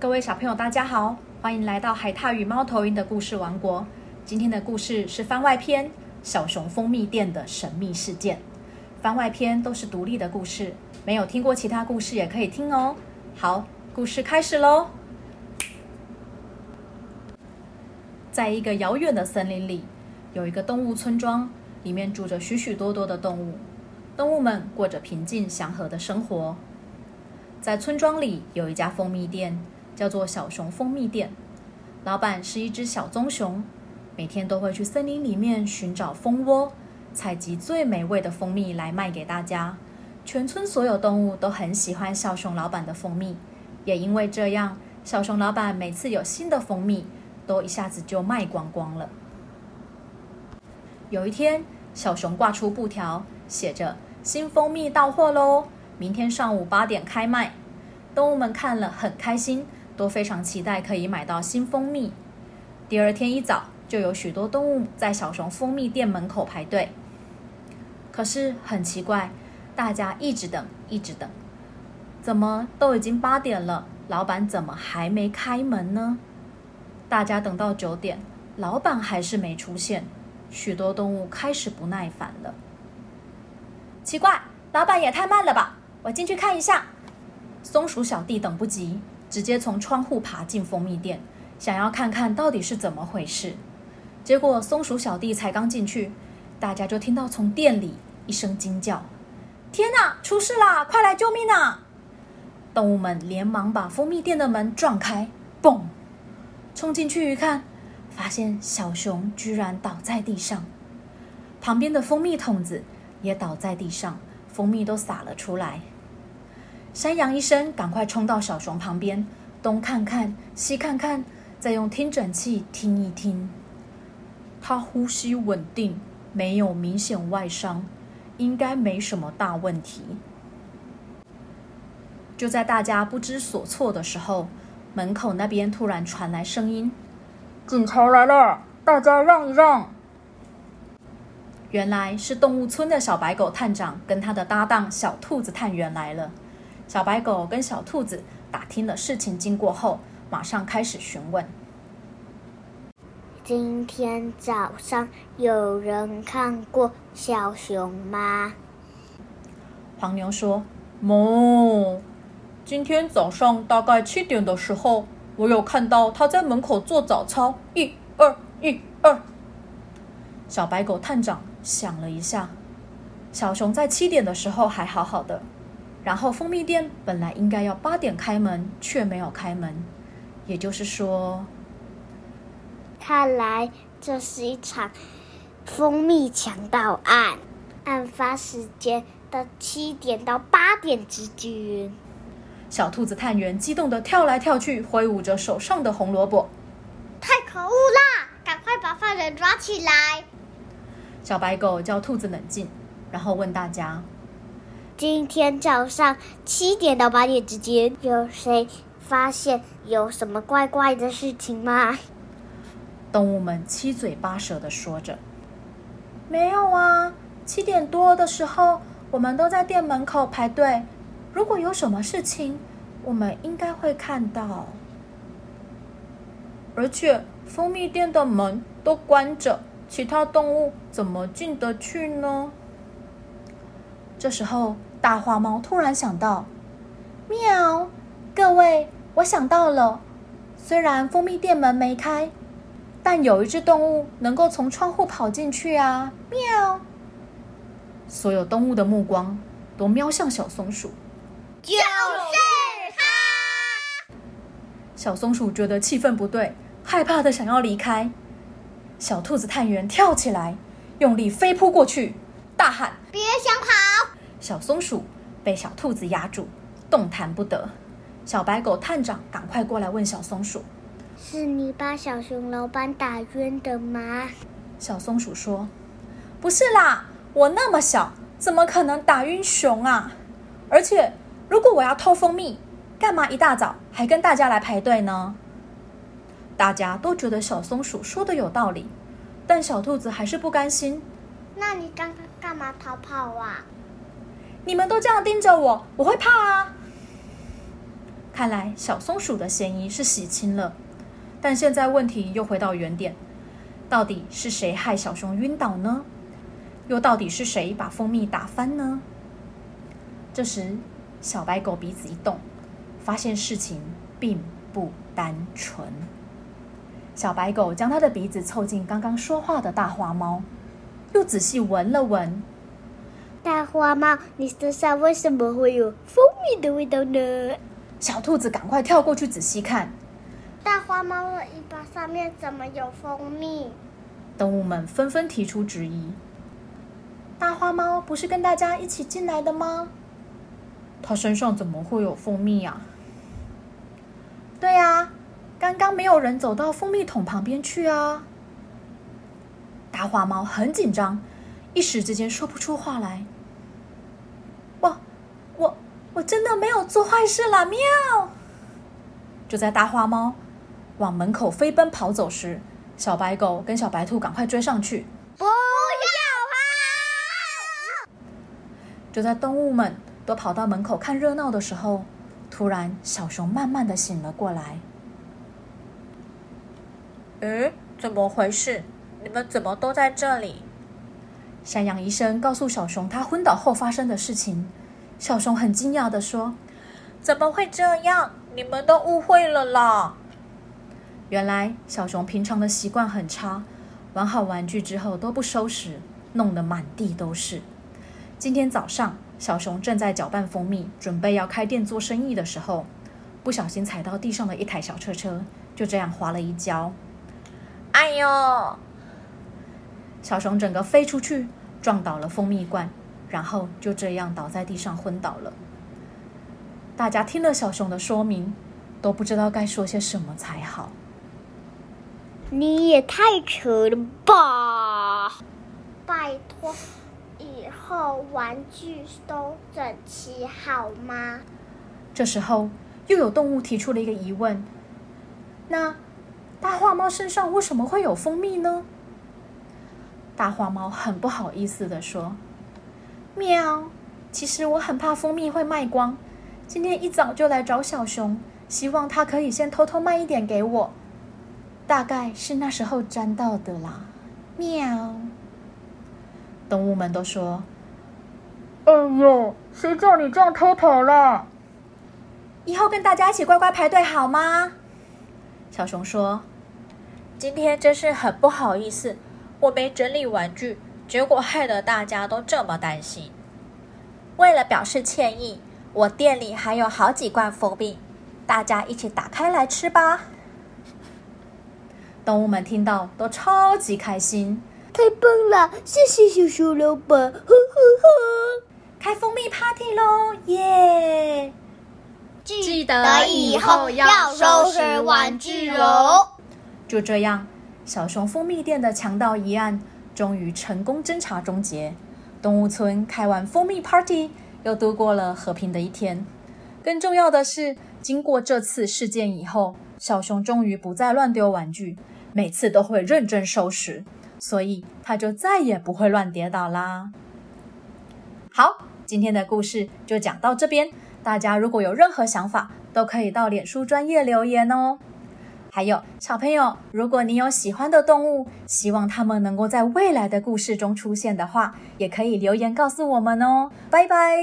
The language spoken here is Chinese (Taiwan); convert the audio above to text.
各位小朋友，大家好，歡迎來到海獺與貓頭鷹的故事王國。今天的故事是番外篇《小熊蜂蜜店的神秘事件》。番外篇都是獨立的故事，沒有聽過其他故事也可以聽哦。好，故事開始嘍。在一個遙遠的森林裡，有一個動物村莊，裡面住着許許多多的動物。動物們過着平靜祥和的生活。在村莊裡有一家蜂蜜店。叫做小熊蜂蜜店，老闆是一隻小棕熊，每天都會去森林裡面尋找蜂窩，採集最美味的蜂蜜來賣給大家。全村所有動物都很喜歡小熊老闆的蜂蜜，也因為這樣，小熊老闆每次有新的蜂蜜，都一下子就賣光光了。有一天，小熊掛出布條，寫着“新蜂蜜到貨嘍，明天上午八點開賣”，動物們看了很開心。都非常期待可以買到新蜂蜜。第二天一早，就有許多動物在小熊蜂蜜店門口排隊。可是很奇怪，大家一直等，一直等，怎麼都已經八點了，老闆怎麼還沒開門呢？大家等到九點，老闆還是沒出現，許多動物開始不耐煩了。奇怪，老闆也太慢了吧！我進去看一下。松鼠小弟等不及。直接從窗戶爬進蜂蜜店，想要看看到底是怎麼回事。結果松鼠小弟才剛進去，大家就聽到從店裡一聲驚叫：“天哪，出事啦！快來救命啊！”動物們連忙把蜂蜜店的門撞開，嘣，衝進去一看，發現小熊居然倒在地上，旁邊的蜂蜜桶子也倒在地上，蜂蜜都灑了出來。山羊醫生趕快衝到小熊旁邊，東看看，西看看，再用聽診器聽一聽。他呼吸穩定，沒有明顯外傷，應該沒什麼大問題。就在大家不知所措的時候，門口那邊突然傳來聲音：“警察來了，大家讓一讓。”原來是動物村的小白狗探長跟他的搭檔小兔子探員來了。小白狗跟小兔子打聽了事情經過後，馬上開始詢問：“今天早上有人看過小熊嗎？”黃牛說：“沒、哦。”今天早上大概七點的時候，我有看到他在門口做早操，一二一二。小白狗探長想了一下：“小熊在七點的時候還好好的。”然後，蜂蜜店本來應該要八點開門，卻沒有開門。也就是說，看來這是一場蜂蜜強盜案。案發時間的七點到八點之間。小兔子探員激動的跳來跳去，揮舞着手上的紅蘿蔔。太可惡啦！趕快把犯人抓起來。小白狗叫兔子冷靜，然後問大家。今天早上七點到八點之間，有誰發現有什麼怪怪的事情嗎？動物們七嘴八舌的說着：“沒有啊，七點多的時候，我們都在店門口排隊。如果有什麼事情，我們應該會看到。而且，蜂蜜店的門都關着，其他動物怎麼進得去呢？”這時候，大花貓突然想到：“喵，各位，我想到了。雖然蜂蜜店門沒開，但有一隻動物能夠從窗戶跑進去啊！”喵。所有動物的目光都瞄向小松鼠，就是他。小松鼠覺得氣氛不對，害怕的想要離開。小兔子探員跳起來，用力飛撲過去，大喊：“別想跑！”小松鼠被小兔子壓住，動彈不得。小白狗探長趕快過來問小松鼠：“是你把小熊老闆打暈的嗎？”小松鼠說：“不是啦，我那麼小，怎麼可能打暈熊啊？而且，如果我要偷蜂蜜，幹嘛一大早還跟大家來排隊呢？”大家都覺得小松鼠說的有道理，但小兔子還是不甘心。那你剛剛幹嘛逃跑啊？你們都這樣盯着我，我會怕啊！看來小松鼠的嫌疑是洗清了，但現在問題又回到原點：到底是誰害小熊暈倒呢？又到底是誰把蜂蜜打翻呢？這時，小白狗鼻子一動，發現事情並不單純。小白狗將它的鼻子湊近剛剛說話的大花貓，又仔細聞了聞。大花貓，你身上為什麼會有蜂蜜的味道呢？小兔子，趕快跳過去仔細看。大花貓的尾巴上面怎麼有蜂蜜？動物們紛紛提出質疑。大花貓不是跟大家一起進來的嗎？它身上怎麼會有蜂蜜呀？對呀，剛剛沒有人走到蜂蜜桶旁邊去啊。大花貓很緊張。一時之間說不出話來。哇，我，我我真的沒有做壞事了！喵。就在大花貓往門口飛奔跑走時，小白狗跟小白兔趕快追上去。不要跑、啊！就在動物們都跑到門口看熱鬧的時候，突然小熊慢慢的醒了過來。嗯，怎麼回事？你們怎麼都在這裡？山羊醫生告訴小熊他昏倒後發生的事情。小熊很驚訝地說：“怎麼會這樣？你們都誤會了啦！”原來小熊平常的習慣很差，玩好玩具之後都不收拾，弄得滿地都是。今天早上，小熊正在攪拌蜂蜜，準備要開店做生意的時候，不小心踩到地上的一台小車車，就這樣滑了一跤。“哎呦！”小熊整個飛出去，撞倒了蜂蜜罐，然後就這樣倒在地上昏倒了。大家聽了小熊的說明，都不知道該說些什麼才好。你也太扯了吧！拜託，以後玩具都整齊好嗎？這時候，又有動物提出了一個疑問：那大花貓身上為什麼會有蜂蜜呢？大花貓很不好意思的說：“喵，其實我很怕蜂蜜會賣光，今天一早就來找小熊，希望他可以先偷偷賣一點給我，大概是那時候沾到的啦。”喵，動物們都說：“哎呦，誰叫你這樣偷跑啦？以後跟大家一起乖乖排隊好嗎？”小熊說：“今天真是很不好意思。”我沒整理玩具，結果害得大家都這麼擔心。為了表示歉意，我店裡還有好幾罐蜂蜜，大家一起打開來吃吧。動物們聽到都超級開心，太棒了！謝謝熊熊老闆，呵，呵，呵開蜂蜜 party 嘍，耶！記得以後要收拾玩具哦！就這樣。小熊蜂蜜店的強盜一案終於成功偵查終結，動物村開完蜂蜜 party 又度過了和平的一天。更重要的是，經過這次事件以後，小熊終於不再亂丟玩具，每次都會認真收拾，所以他就再也不會亂跌倒啦。好，今天的故事就講到這邊，大家如果有任何想法，都可以到臉書專頁留言哦。還有小朋友，如果你有喜歡的動物，希望他們能夠在未來的故事中出現的話，也可以留言告訴我們哦。拜拜！